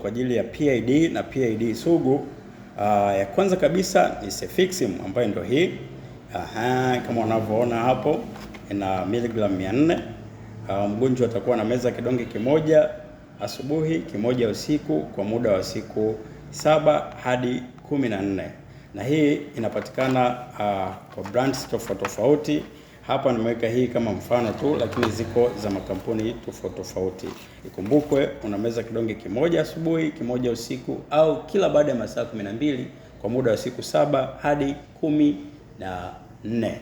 kwa ajili ya PID na PID sugu. Uh, ya kwanza kabisa ni Cefixime ambayo ndio hii. Aha, kama unavyoona hapo ina miligram 400. Uh, ah, mgonjwa atakuwa na meza kidonge kimoja asubuhi, kimoja usiku kwa muda wa siku saba hadi kumi na nne na hii inapatikana uh, kwa brands tofauti tofauti. Hapa nimeweka hii kama mfano tu, lakini ziko za makampuni tofauti tofauti. Ikumbukwe unameza kidonge kimoja asubuhi, kimoja usiku, au kila baada ya masaa kumi na mbili kwa muda wa siku saba hadi kumi na nne.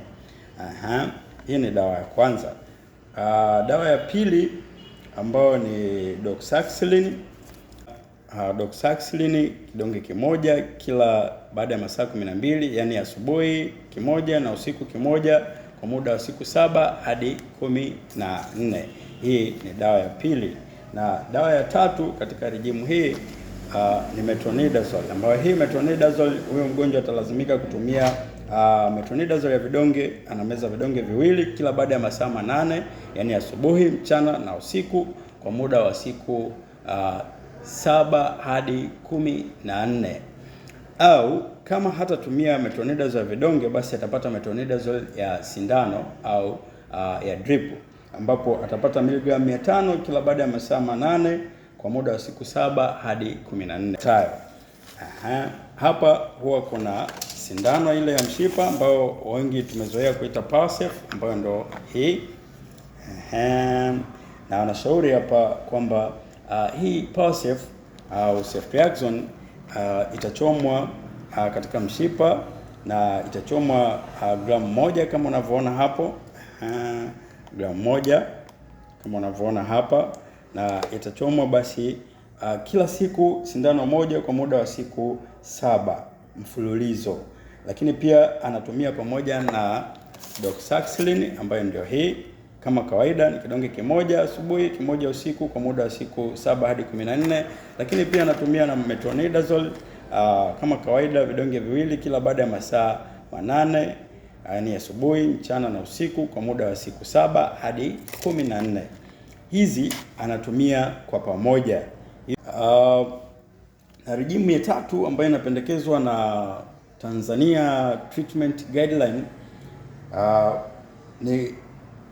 Aha, hii ni dawa ya kwanza. Aa, ah, dawa ya pili ambayo ni doxycycline. Uh, ah, doxycycline kidonge kimoja kila baada ya masaa kumi na mbili, yaani asubuhi kimoja na usiku kimoja, kwa muda wa siku saba hadi kumi na nne. Hii ni dawa ya pili, na dawa ya tatu katika rejimu hii uh, ni metronidazole, ambayo hii metronidazole huyo mgonjwa atalazimika kutumia Uh, metronidazole ya vidonge anameza vidonge viwili kila baada ya masaa manane, yani asubuhi, mchana na usiku kwa muda wa siku uh, saba hadi kumi na nne au kama hatatumia metronidazole za vidonge, basi atapata metronidazole ya sindano au uh, ya drip, ambapo atapata miligramu mia tano kila baada ya masaa manane kwa muda wa siku saba hadi kumi na nne. Aha. Hapa huwa kuna sindano ile ya mshipa ambayo wengi tumezoea kuita Pasef ambayo ndo hii. Aha. Na wanashauri hapa kwamba uh, hii Pasef au Ceftriaxone uh, itachomwa uh, katika mshipa na itachomwa ah, gramu moja kama unavyoona hapo ah, gramu moja kama unavyoona hapa, na itachomwa basi uh, kila siku sindano moja kwa muda wa siku saba mfululizo, lakini pia anatumia pamoja na doxycycline ambayo ndio hii kama kawaida ni kidonge kimoja asubuhi, kimoja usiku kwa muda wa siku saba hadi 14, lakini pia anatumia na metronidazole uh, kama kawaida vidonge viwili kila baada ya masaa manane yaani asubuhi, mchana na usiku kwa muda wa siku saba hadi kumi na nne. Hizi anatumia kwa pamoja. Uh, na rejimu ya tatu ambayo inapendekezwa na Tanzania Treatment Guideline uh, ni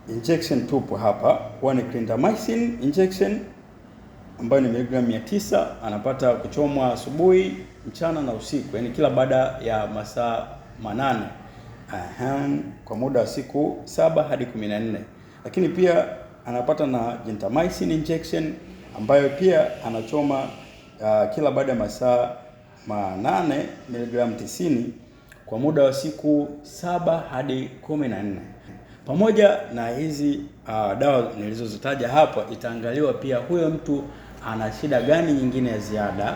injection tupu hapa, huwa ni clindamycin injection ambayo ni miligramu 900 anapata kuchomwa asubuhi mchana na usiku, yani kila baada ya masaa manane Aham, kwa muda wa siku saba hadi kumi na nne. Lakini pia anapata na gentamicin injection ambayo pia anachoma uh, kila baada ya masaa manane miligramu tisini kwa muda wa siku saba hadi kumi na nne. Pamoja na hizi uh, dawa nilizozitaja hapo, itaangaliwa pia huyo mtu ana shida gani nyingine ya ziada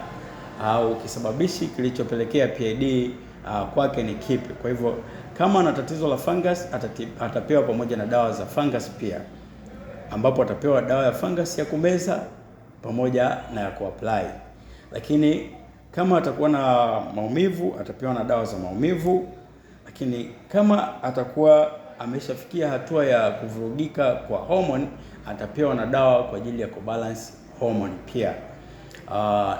au kisababishi kilichopelekea PID uh, ah, kwake ni kipi. Kwa hivyo kama ana tatizo la fungus atapewa pamoja na dawa za fungus pia, ambapo atapewa dawa ya fungus ya kumeza pamoja na ya kuapply. Lakini kama atakuwa na maumivu atapewa na dawa za maumivu, lakini kama atakuwa ameshafikia hatua ya kuvurugika kwa hormone atapewa na dawa kwa ajili ya kubalance hormone pia. Uh,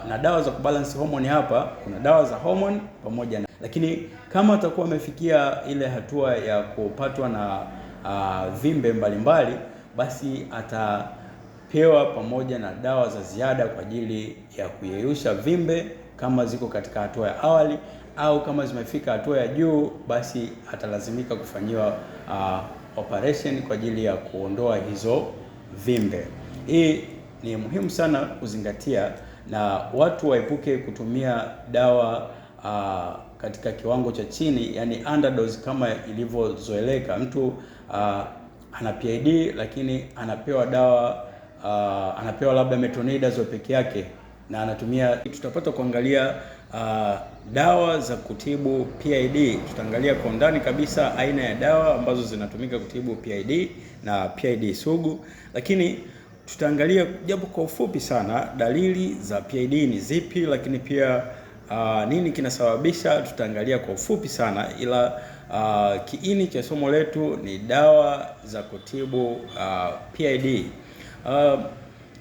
na dawa za kubalance hormone hapa kuna dawa za hormone pamoja na, lakini kama atakuwa amefikia ile hatua ya kupatwa na uh, vimbe mbalimbali mbali, basi atapewa pamoja na dawa za ziada kwa ajili ya kuyeyusha vimbe kama ziko katika hatua ya awali au kama zimefika hatua ya juu, basi atalazimika kufanyiwa uh, operation kwa ajili ya kuondoa hizo vimbe. Hii ni muhimu sana kuzingatia na watu waepuke kutumia dawa uh, katika kiwango cha chini, yani underdose kama ilivyozoeleka. Mtu uh, ana PID lakini anapewa dawa uh, anapewa labda metronidazole peke yake na anatumia. Tutapata kuangalia uh, dawa za kutibu PID. Tutaangalia kwa undani kabisa aina ya dawa ambazo zinatumika kutibu PID na PID sugu, lakini tutaangalia japo kwa ufupi sana dalili za PID ni zipi, lakini pia uh, nini kinasababisha, tutaangalia kwa ufupi sana ila uh, kiini cha somo letu ni dawa za kutibu uh, ah, PID. Uh,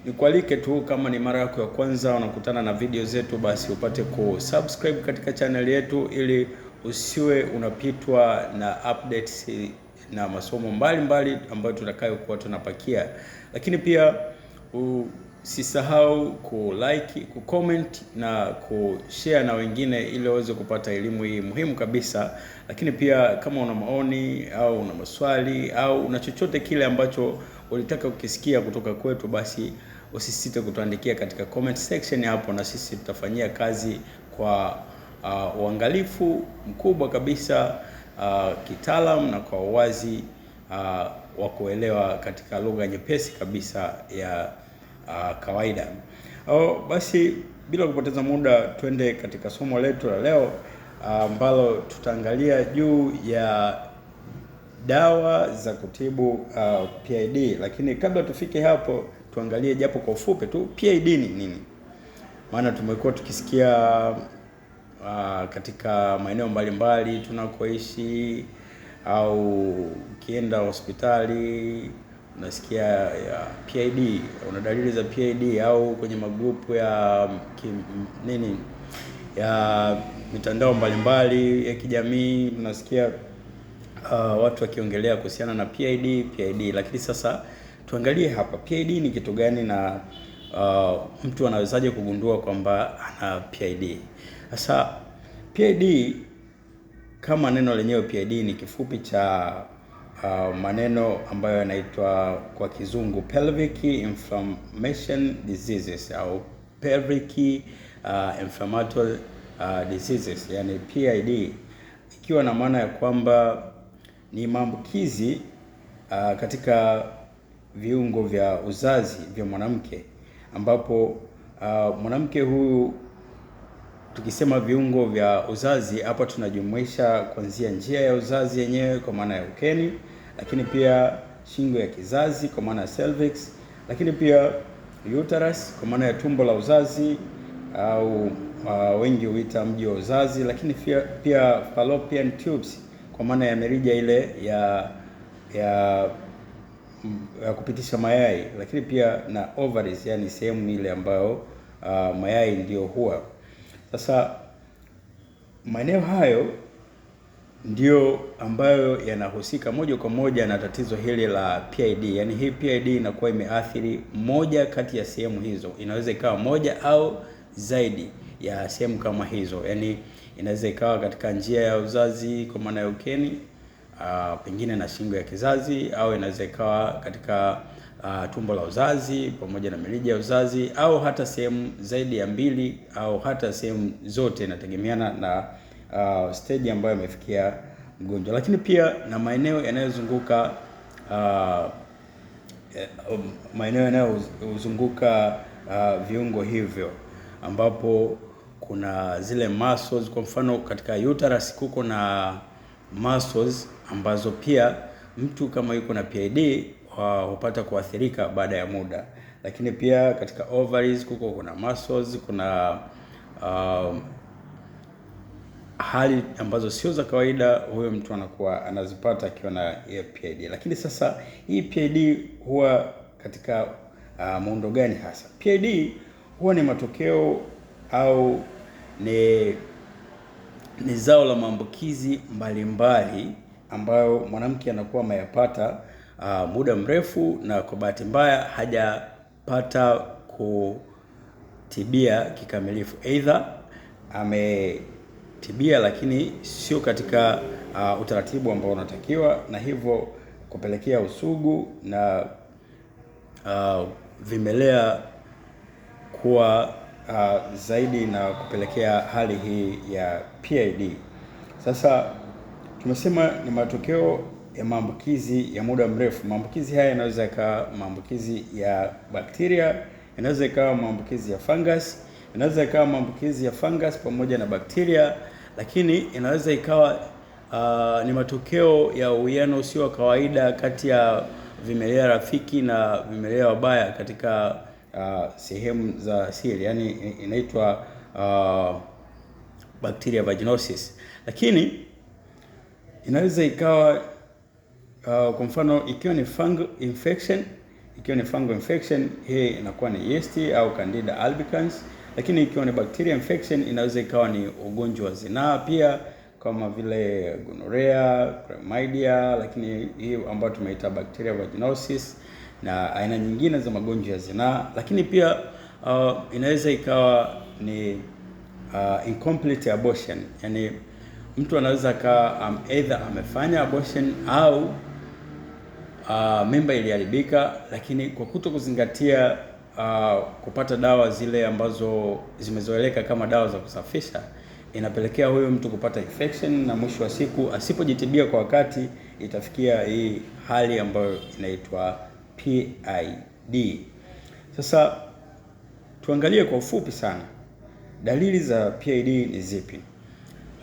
nikualike tu kama ni mara yako ya kwanza unakutana na video zetu, basi upate kusubscribe katika chaneli yetu ili usiwe unapitwa na updates na masomo mbalimbali ambayo kuwa tunapakia, lakini pia usisahau ku like, ku comment na ku share na wengine, ili waweze kupata elimu hii muhimu kabisa. Lakini pia kama una maoni au una maswali au una chochote kile ambacho ulitaka ukisikia kutoka kwetu, basi usisite kutuandikia katika comment section hapo, na sisi tutafanyia kazi kwa uh, uangalifu mkubwa kabisa Uh, kitaalamu na kwa uwazi uh, wa kuelewa katika lugha nyepesi kabisa ya uh, kawaida. Oh, basi bila kupoteza muda twende katika somo letu la leo uh, ambalo uh, tutaangalia juu ya dawa za kutibu uh, PID, lakini kabla tufike hapo tuangalie japo kwa ufupi tu PID ni nini, maana tumekuwa tukisikia uh, katika maeneo mbalimbali tunakoishi au ukienda hospitali unasikia ya PID, una dalili za PID au kwenye magrupu ya kim, nini ya mitandao mbalimbali ya kijamii unasikia uh, watu wakiongelea kuhusiana na PID PID. Lakini sasa tuangalie hapa PID ni kitu gani na uh, mtu anawezaje kugundua kwamba ana PID? Sasa PID kama neno lenyewe PID ni kifupi cha uh, maneno ambayo yanaitwa kwa kizungu pelvic inflammation diseases au pelvic uh, inflammatory uh, diseases, yani PID ikiwa na maana ya kwamba ni maambukizi uh, katika viungo vya uzazi vya mwanamke ambapo uh, mwanamke huyu Tukisema viungo vya uzazi hapa tunajumuisha kuanzia njia ya uzazi yenyewe kwa maana ya ukeni, lakini pia shingo ya kizazi kwa maana ya cervix, lakini pia uterus kwa maana ya tumbo la uzazi au uh, wengi huita mji wa uzazi, lakini pia, pia fallopian tubes kwa maana ya mirija ile ya ya ya kupitisha mayai, lakini pia na ovaries, yani sehemu ile ambayo uh, mayai ndiyo huwa sasa maeneo hayo ndiyo ambayo yanahusika moja kwa moja na tatizo hili la PID. Yaani hii PID inakuwa imeathiri moja kati ya sehemu hizo, inaweza ikawa moja au zaidi ya sehemu kama hizo. Yaani inaweza ikawa katika njia ya uzazi kwa maana ya ukeni, uh, pengine na shingo ya kizazi au inaweza ikawa katika uh, tumbo la uzazi pamoja na mirija ya uzazi au hata sehemu zaidi ya mbili au hata sehemu zote, inategemeana na uh, stage ambayo amefikia mgonjwa, lakini pia na maeneo yanayozunguka uh, um, maeneo yanayozunguka uh, viungo hivyo ambapo kuna zile muscles. Kwa mfano katika uterus kuko na muscles ambazo pia mtu kama yuko na PID hupata kuathirika baada ya muda. Lakini pia katika ovaries kuko kuna muscles, kuna um, hali ambazo sio za kawaida, huyo mtu anakuwa anazipata akiwa na PID. Lakini sasa hii PID huwa katika uh, muundo gani hasa? PID huwa ni matokeo au ni, ni zao la maambukizi mbalimbali ambayo mwanamke anakuwa ameyapata uh, muda mrefu na kwa bahati mbaya hajapata kutibia kikamilifu, aidha ametibia lakini sio katika uh, utaratibu ambao unatakiwa, na hivyo kupelekea usugu na uh, vimelea kuwa uh, zaidi na kupelekea hali hii ya PID. Sasa tumesema ni matokeo ya maambukizi ya muda mrefu. Maambukizi haya yanaweza ikawa maambukizi ya bakteria, yanaweza ikawa maambukizi ya fungus, yanaweza ikawa maambukizi ya fungus pamoja na bakteria, lakini inaweza ikawa uh, ni matokeo ya uwiano usio wa kawaida kati ya vimelea rafiki na vimelea wabaya katika uh, sehemu za siri, yani inaitwa uh, bacteria vaginosis, lakini inaweza ikawa uh, kwa mfano ikiwa ni fungal infection, ikiwa ni fungal infection hii inakuwa ni yeast au Candida albicans, lakini ikiwa ni bacteria infection inaweza ikawa ni ugonjwa wa zinaa pia kama vile gonorrhea, chlamydia, lakini hii ambayo tumeita bacteria vaginosis na aina nyingine za magonjwa ya zinaa, lakini pia uh, inaweza ikawa ni uh, incomplete abortion, yani mtu anaweza kaa um, either amefanya abortion au uh, mimba iliharibika, lakini kwa kuto kuzingatia uh, ah, kupata dawa zile ambazo zimezoeleka kama dawa za kusafisha inapelekea huyo mtu kupata infection na mwisho wa siku asipojitibia kwa wakati itafikia hii hali ambayo inaitwa PID. Sasa tuangalie kwa ufupi sana dalili za PID ni zipi?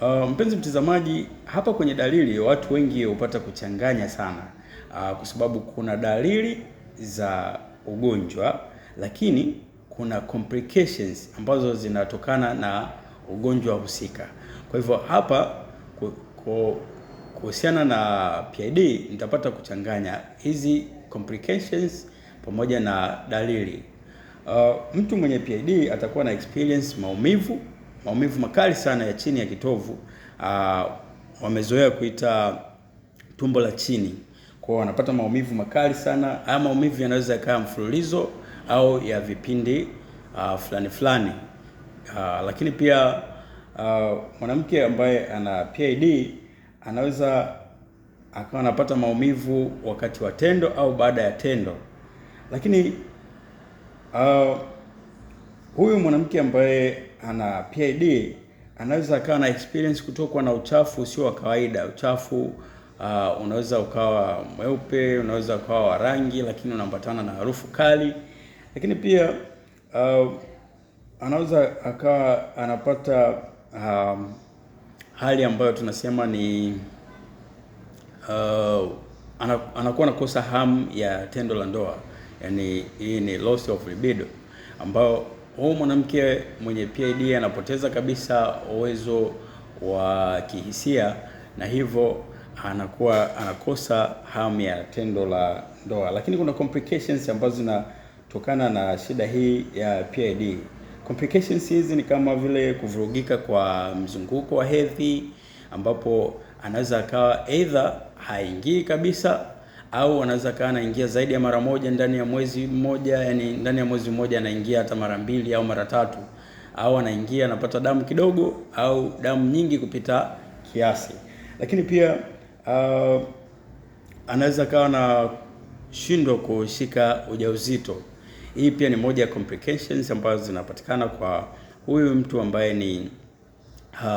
Uh, mpenzi mtazamaji, hapa kwenye dalili watu wengi hupata kuchanganya sana Ah, kwa sababu kuna dalili za ugonjwa, lakini kuna complications ambazo zinatokana na ugonjwa husika. Kwa hivyo hapa kuhusiana na PID nitapata kuchanganya hizi complications pamoja na dalili. Uh, mtu mwenye PID atakuwa na experience maumivu, maumivu makali sana ya chini ya kitovu, uh, wamezoea kuita tumbo la chini kwao, wanapata maumivu makali sana. Haya maumivu yanaweza yakawa mfululizo au ya vipindi uh, fulani fulani uh, lakini pia uh, mwanamke ambaye ana PID anaweza akawa anapata maumivu wakati wa tendo au baada ya tendo, lakini uh, huyu mwanamke ambaye ana PID anaweza akawa na experience kutokwa na uchafu usio wa kawaida, uchafu Uh, unaweza ukawa mweupe, unaweza ukawa wa rangi, lakini unaambatana na harufu kali, lakini pia uh, anaweza akawa anapata uh, hali ambayo tunasema ni uh, anakuwa anakosa hamu ya tendo la ndoa, yani hii ni loss of libido, ambayo huu mwanamke mwenye PID anapoteza kabisa uwezo wa kihisia na hivyo anakuwa anakosa hamu ya tendo la ndoa. Lakini kuna complications ambazo zinatokana na shida hii ya PID. Complications hizi ni kama vile kuvurugika kwa mzunguko wa hedhi, ambapo anaweza akawa either haingii kabisa au anaweza akawa anaingia zaidi ya mara moja ndani ya mwezi mmoja, yani ndani ya mwezi mmoja anaingia hata mara mbili au mara tatu, au anaingia anapata damu kidogo au damu nyingi kupita kiasi. Lakini pia uh, anaweza kawa na shindwa kushika ujauzito. Hii pia ni moja ya complications ambazo zinapatikana kwa huyu mtu ambaye ni uh,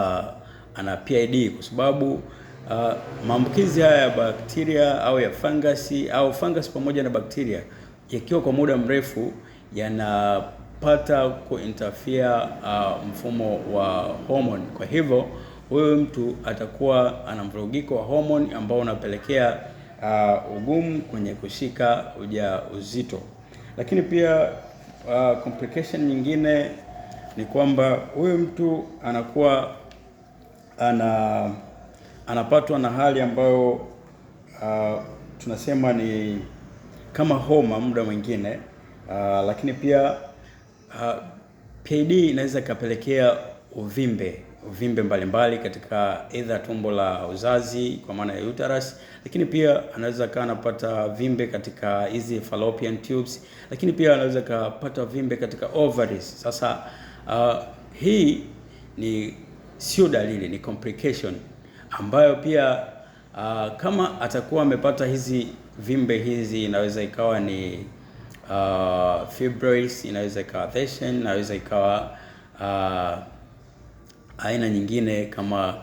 ana PID kwa sababu uh, maambukizi haya ya bakteria au ya fangasi au fangasi pamoja na bakteria yakiwa kwa muda mrefu yanapata kuinterfere uh, mfumo wa hormone, kwa hivyo huyu mtu atakuwa ana mvurugiko wa homoni ambao unapelekea uh, ugumu kwenye kushika uja uzito Lakini pia uh, complication nyingine ni kwamba huyu mtu anakuwa ana anapatwa na hali ambayo uh, tunasema ni kama homa muda mwingine uh, lakini pia uh, PID inaweza ikapelekea uvimbe vimbe mbalimbali katika edha tumbo la uzazi kwa maana ya uterus, lakini pia anaweza kaa anapata vimbe katika hizi fallopian tubes, lakini pia anaweza kapata vimbe katika ovaries. Sasa uh, hii ni sio dalili, ni complication ambayo pia uh, kama atakuwa amepata hizi vimbe hizi, inaweza ikawa ni uh, fibroids, inaweza ikawa inaweza ikawa uh, aina nyingine kama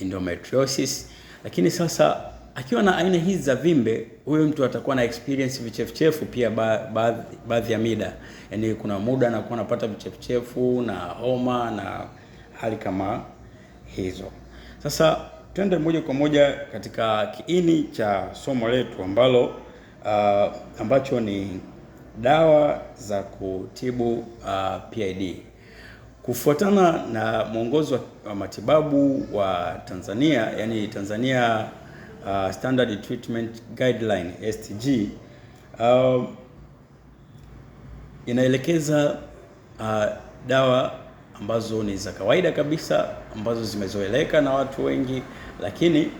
endometriosis. Lakini sasa akiwa na aina hizi za vimbe, huyo mtu atakuwa na experience vichefuchefu pia baadhi ba, ya mida, yaani kuna muda anakuwa anapata vichefuchefu na homa na hali kama hizo. Sasa twende moja kwa moja katika kiini cha somo letu ambalo uh, ambacho ni dawa za kutibu uh, ah, PID. Kufuatana na mwongozo wa matibabu wa Tanzania, yani Tanzania uh, Standard Treatment Guideline STG uh, inaelekeza uh, dawa ambazo ni za kawaida kabisa ambazo zimezoeleka na watu wengi, lakini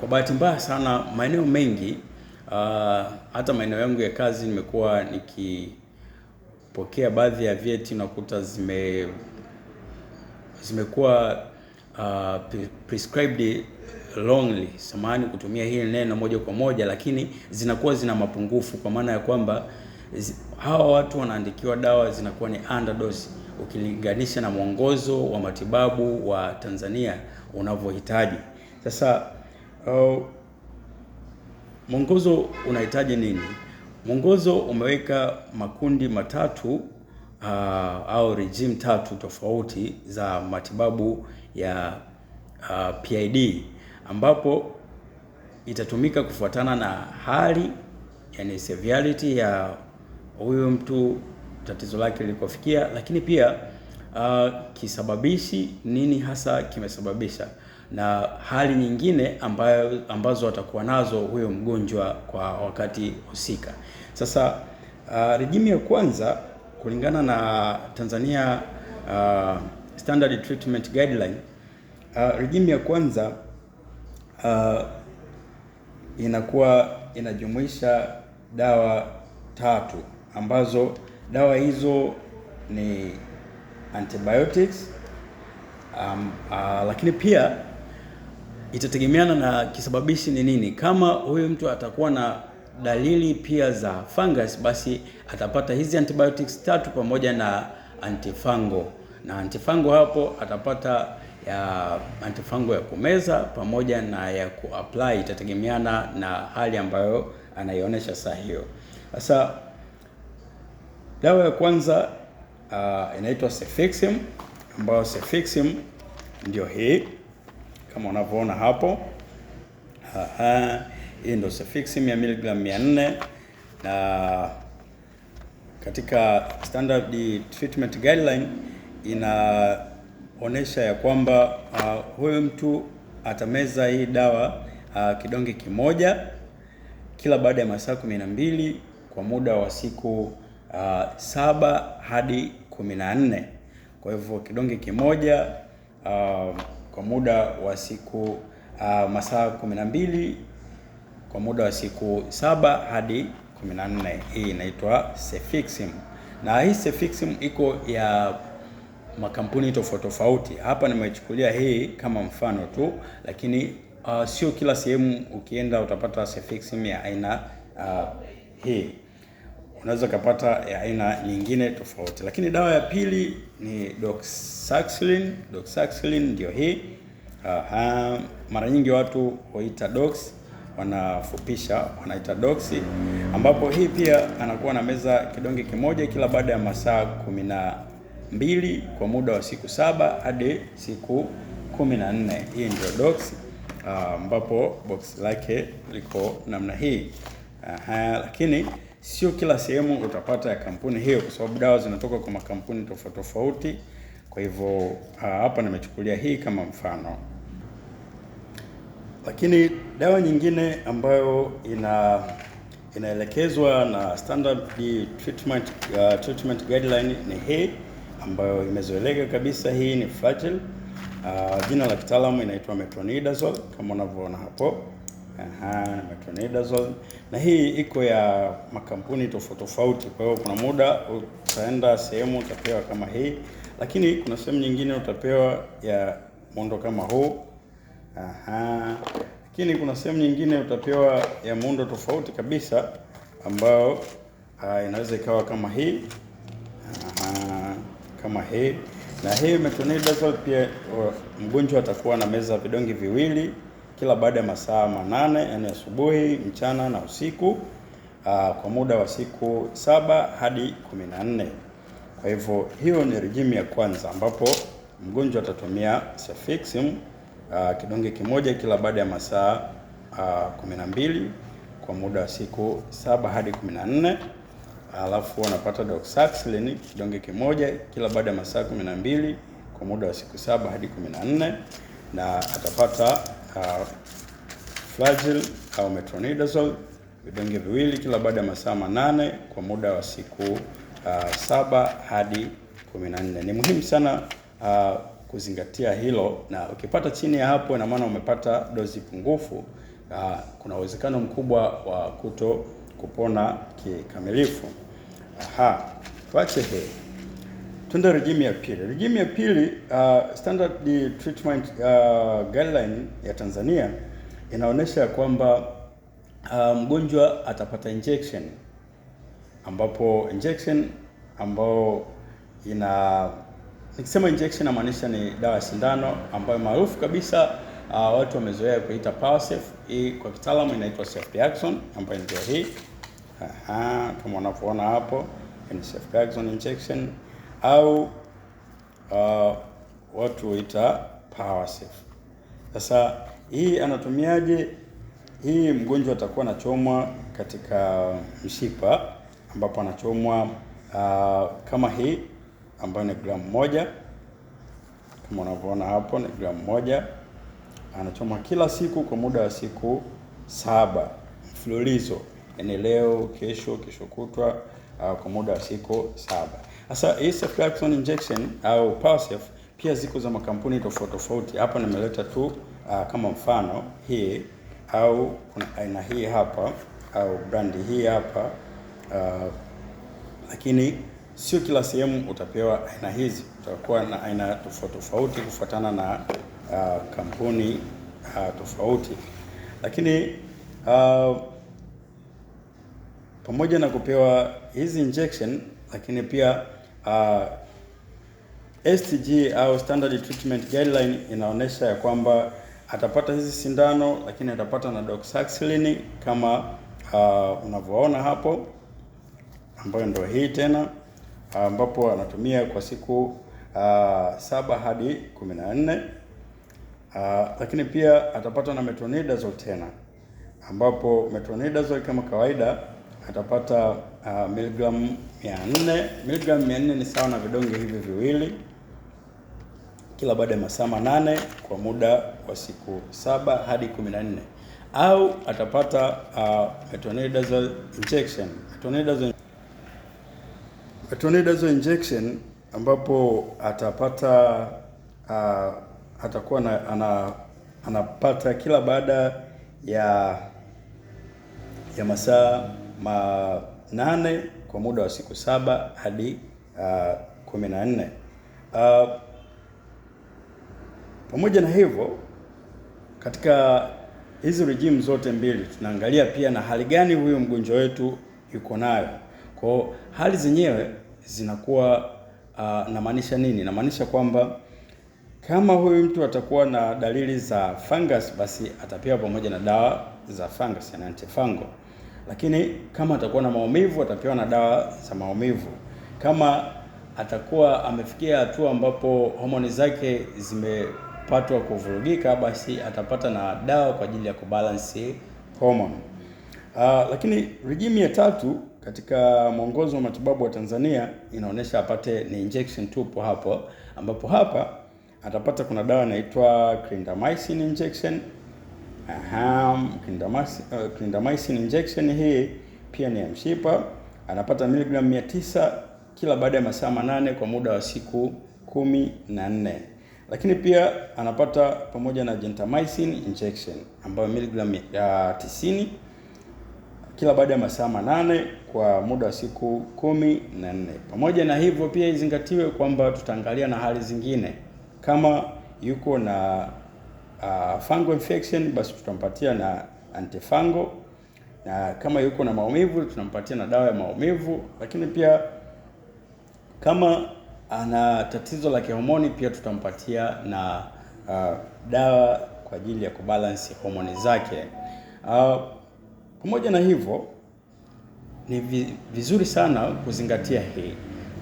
kwa bahati mbaya sana maeneo mengi uh, hata maeneo yangu ya kazi nimekuwa niki kupokea baadhi ya vyeti unakuta zime zimekuwa uh, prescribed wrongly, samani kutumia hili neno moja kwa moja, lakini zinakuwa zina mapungufu kwa maana ya kwamba zi, hawa watu wanaandikiwa dawa zinakuwa ni underdose ukilinganisha na mwongozo wa matibabu wa Tanzania unavyohitaji. Sasa uh, mwongozo unahitaji nini? Mwongozo umeweka makundi matatu uh, au regime tatu tofauti za matibabu ya uh, ah, PID ambapo itatumika kufuatana na hali yani severity ya huyo mtu, tatizo lake lilikofikia, lakini pia uh, kisababishi nini hasa kimesababisha na hali nyingine ambayo, ambazo atakuwa nazo huyo mgonjwa kwa wakati husika. Sasa uh, ah, rejimu ya kwanza kulingana na Tanzania uh, Standard Treatment Guideline uh, ah, rejimu ya kwanza uh, inakuwa inajumuisha dawa tatu ambazo dawa hizo ni antibiotics um, uh, lakini pia itategemeana na kisababishi ni nini. Kama huyu mtu atakuwa na dalili pia za fungus, basi atapata hizi antibiotics tatu pamoja na antifango, na antifango hapo atapata ya antifango ya kumeza pamoja na ya kuapply, itategemeana na hali ambayo anaionyesha saa hiyo. Sasa dawa ya kwanza uh, inaitwa Cefixim ambayo Cefixim ndio hii kama unavyoona hapo. Hii ndio Cefixime 100 mg 400 na katika standard treatment guideline inaonyesha ya kwamba uh, huyu mtu atameza hii dawa uh, kidonge kimoja kila baada ya masaa kumi na mbili kwa muda wa siku uh, saba hadi kumi na nne. Kwa hivyo kidonge kimoja uh, kwa muda wa siku uh, masaa kumi na mbili kwa muda wa siku saba hadi kumi na nne. Hii inaitwa Cefixime na hii Cefixime iko ya makampuni tofauti tofauti. Hapa nimechukulia hii kama mfano tu, lakini uh, sio kila sehemu ukienda utapata Cefixime ya aina uh, hii unaweza ukapata ya aina nyingine tofauti. Lakini dawa ya pili ni doxycycline. Doxycycline ndio hii. Aha, mara nyingi watu huita dox, wanafupisha wanaita dox, ambapo hii pia anakuwa na meza kidonge kimoja kila baada ya masaa kumi na mbili kwa muda wa siku saba hadi siku kumi na nne. Hii ndio dox ah, ambapo box lake liko namna hii. Aha, lakini Sio kila sehemu utapata ya kampuni hiyo, kwa sababu dawa zinatoka kwa makampuni tofauti tofauti. Kwa hivyo ah, hapa nimechukulia hii kama mfano, lakini dawa nyingine ambayo ina inaelekezwa na standard treatment, uh, treatment guideline ni hii ambayo imezoeleka kabisa. Hii ni Flagyl. Uh, ah, jina la kitaalamu inaitwa metronidazole kama unavyoona hapo. Aha, na metronidazole na hii iko ya makampuni tofauti tofauti. Kwa hiyo kuna muda utaenda sehemu utapewa kama hii, lakini kuna sehemu nyingine utapewa ya muundo kama huu. Aha, lakini kuna sehemu nyingine utapewa ya muundo tofauti kabisa ambao ah, inaweza ikawa kama hii. Aha, kama hii na hii metronidazole pia oh, mgonjwa atakuwa na meza vidonge viwili kila baada ya masaa manane yani asubuhi, mchana na usiku uh, kwa muda wa siku saba hadi kumi na nne. Kwa hivyo hiyo ni regime ya kwanza ambapo mgonjwa atatumia cefixime uh, ah, kidonge kimoja kila baada ya masaa uh, kumi na mbili kwa muda wa siku saba hadi kumi na nne alafu anapata doxycycline kidonge kimoja kila baada ya masaa kumi na mbili kwa muda wa siku saba hadi kumi na nne na atapata uh, Flagyl au metronidazole vidonge viwili kila baada ya masaa manane kwa muda wa siku uh, saba hadi kumi na nne. Ni muhimu sana uh, kuzingatia hilo, na ukipata chini ya hapo, ina maana umepata dozi pungufu uh, kuna uwezekano mkubwa wa kuto kupona kikamilifu. Aha, tuache hii. Tuende regime ya pili. Regime ya pili uh, standard treatment uh, guideline ya Tanzania inaonyesha kwamba uh, mgonjwa atapata injection ambapo injection ambao ina nikisema injection namaanisha ni dawa ya sindano ambayo maarufu kabisa uh, watu wamezoea kuita Powercef. Hii kwa kitaalamu inaitwa Ceftriaxone ambayo ndio hii, kama unavyoona hapo ni Ceftriaxone injection au uh, watu huita power safe. Sasa hii anatumiaje? Hii mgonjwa atakuwa anachomwa katika mshipa ambapo anachomwa uh, kama hii ambayo ni gramu moja kama unavyoona hapo ni gramu moja. Anachomwa kila siku kwa muda wa siku saba mfululizo. Yaani leo, kesho, kesho kutwa ah, kwa muda wa siku saba. Sasa hii ceftriaxone injection au Pasef pia ziko za makampuni tofauti tofauti. Hapa nimeleta tu uh, kama mfano hii au kuna aina hii hapa au brandi hii hapa uh, lakini sio kila sehemu utapewa aina hizi, utakuwa na aina tofauti tofauti kufuatana na uh, kampuni uh, tofauti, lakini uh, pamoja na kupewa hizi injection, lakini pia uh, STG au standard treatment guideline inaonyesha ya kwamba atapata hizi sindano, lakini atapata na doxycycline kama uh, unavyoona hapo, ambayo ndio hii tena, ambapo anatumia kwa siku uh, saba hadi kumi na nne. Uh, lakini pia atapata na metronidazole tena ambapo metronidazole kama kawaida atapata uh, miligramu mia nne. Miligramu mia nne ni sawa na vidonge hivi viwili kila baada ya masaa manane kwa muda wa siku saba hadi kumi na nne au atapata uh, metronidazole injection. Metronidazole, metronidazole injection ambapo atapata uh, atakuwa na, ana, anapata kila baada ya ya masaa nane kwa muda wa siku saba hadi ah, kumi na nne. Ah, pamoja na hivyo katika hizi regime zote mbili tunaangalia pia na hali gani huyu mgonjwa wetu yuko nayo. Kwa hali zenyewe zinakuwa uh, ah, namaanisha nini? Namaanisha kwamba kama huyu mtu atakuwa na dalili za fungus, basi atapewa pamoja na dawa za fungus na antifungal. Lakini kama atakuwa na maumivu atapewa na dawa za maumivu. Kama atakuwa amefikia hatua ambapo homoni zake zimepatwa kuvurugika, basi atapata na dawa kwa ajili ya kubalansi homoni. Uh, lakini regime ya tatu katika mwongozo wa matibabu wa Tanzania inaonyesha apate ni injection tupo hapo, ambapo hapa atapata kuna dawa inaitwa clindamycin injection Aha, uh, clindamycin injection hii pia ni ya mshipa, anapata miligramu mia tisa kila baada ya masaa manane kwa muda wa siku kumi na nne lakini pia anapata pamoja na gentamicin injection ambayo miligramu ya tisini kila baada ya masaa manane kwa muda wa siku kumi na nne. Pamoja na hivyo, pia izingatiwe kwamba tutaangalia na hali zingine kama yuko na uh, fungal infection, basi tutampatia na antifango na kama yuko na maumivu tunampatia na dawa ya maumivu, lakini pia kama ana tatizo la kihomoni pia tutampatia na uh, dawa kwa ajili ya kubalansi homoni zake. Uh, pamoja na hivyo, ni vizuri sana kuzingatia hii.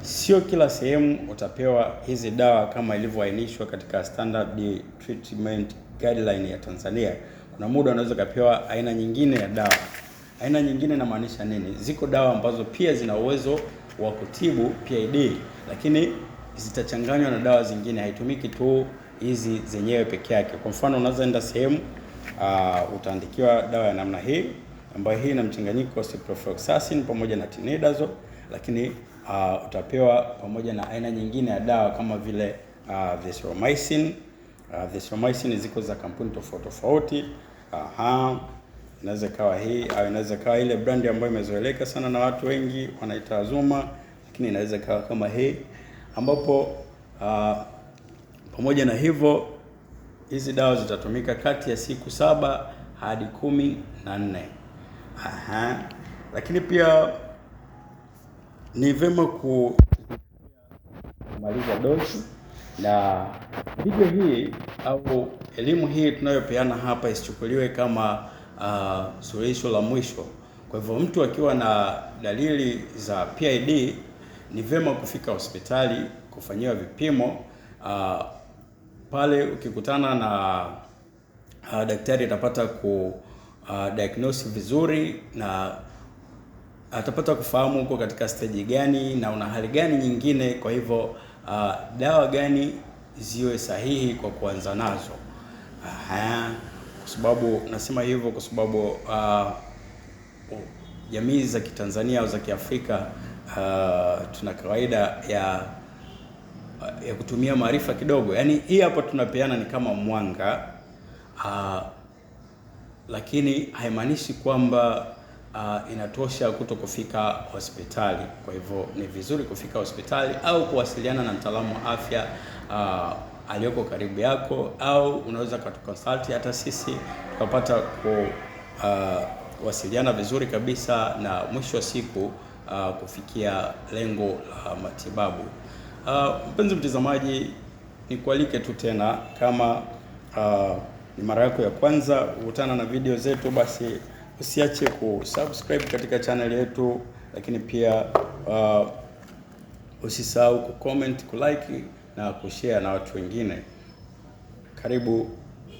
Sio kila sehemu utapewa hizi dawa kama ilivyoainishwa katika standard treatment guideline ya Tanzania, kuna muda unaweza ukapewa aina nyingine ya dawa. Aina nyingine inamaanisha nini? Ziko dawa ambazo pia zina uwezo wa kutibu PID, lakini zitachanganywa na dawa zingine, haitumiki tu hizi zenyewe peke yake. Kwa mfano unaweza enda sehemu uh, utaandikiwa dawa ya namna hii ambayo hii ina mchanganyiko wa ciprofloxacin pamoja na tinidazo, lakini uh, utapewa pamoja na aina nyingine ya dawa kama vile uh, ah, azithromycin Uh, ziko za kampuni tofauti tofauti. Aha, inaweza ikawa hii au inaweza ikawa ile brandi ambayo imezoeleka sana na watu wengi wanaita Azuma, lakini inaweza ikawa kama hii ambapo uh, pamoja na hivyo hizi dawa zitatumika kati ya siku saba hadi kumi na nne. Aha, lakini pia ni vema kumaliza dosi na video hii au elimu hii tunayopeana hapa isichukuliwe kama uh, suluhisho la mwisho. Kwa hivyo mtu akiwa na dalili za PID ni vyema kufika hospitali kufanyiwa vipimo. Uh, pale ukikutana na uh, daktari atapata ku uh, diagnose vizuri na atapata kufahamu uko katika stage gani na una hali gani nyingine, kwa hivyo uh, dawa gani ziwe sahihi kwa kuanza nazo. Ah, kwa sababu nasema hivyo kwa sababu uh, jamii za Kitanzania au za Kiafrika uh, tuna kawaida ya ya kutumia maarifa kidogo, yaani hii hapa tunapeana ni kama mwanga uh, lakini haimaanishi kwamba uh, inatosha kuto kufika hospitali. Kwa hivyo ni vizuri kufika hospitali au kuwasiliana na mtaalamu wa afya uh, aliyoko karibu yako, au unaweza kutukonsulti hata sisi tukapata kuwasiliana uh, vizuri kabisa na mwisho wa siku uh, kufikia lengo la uh, matibabu. Mpenzi uh, mtazamaji, nikualike tu tena kama uh, ni mara yako ya kwanza kukutana na video zetu, basi usiache kusubscribe katika channel yetu, lakini pia uh, usisahau kucomment, kulike na kushare na watu wengine. Karibu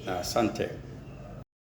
na asante.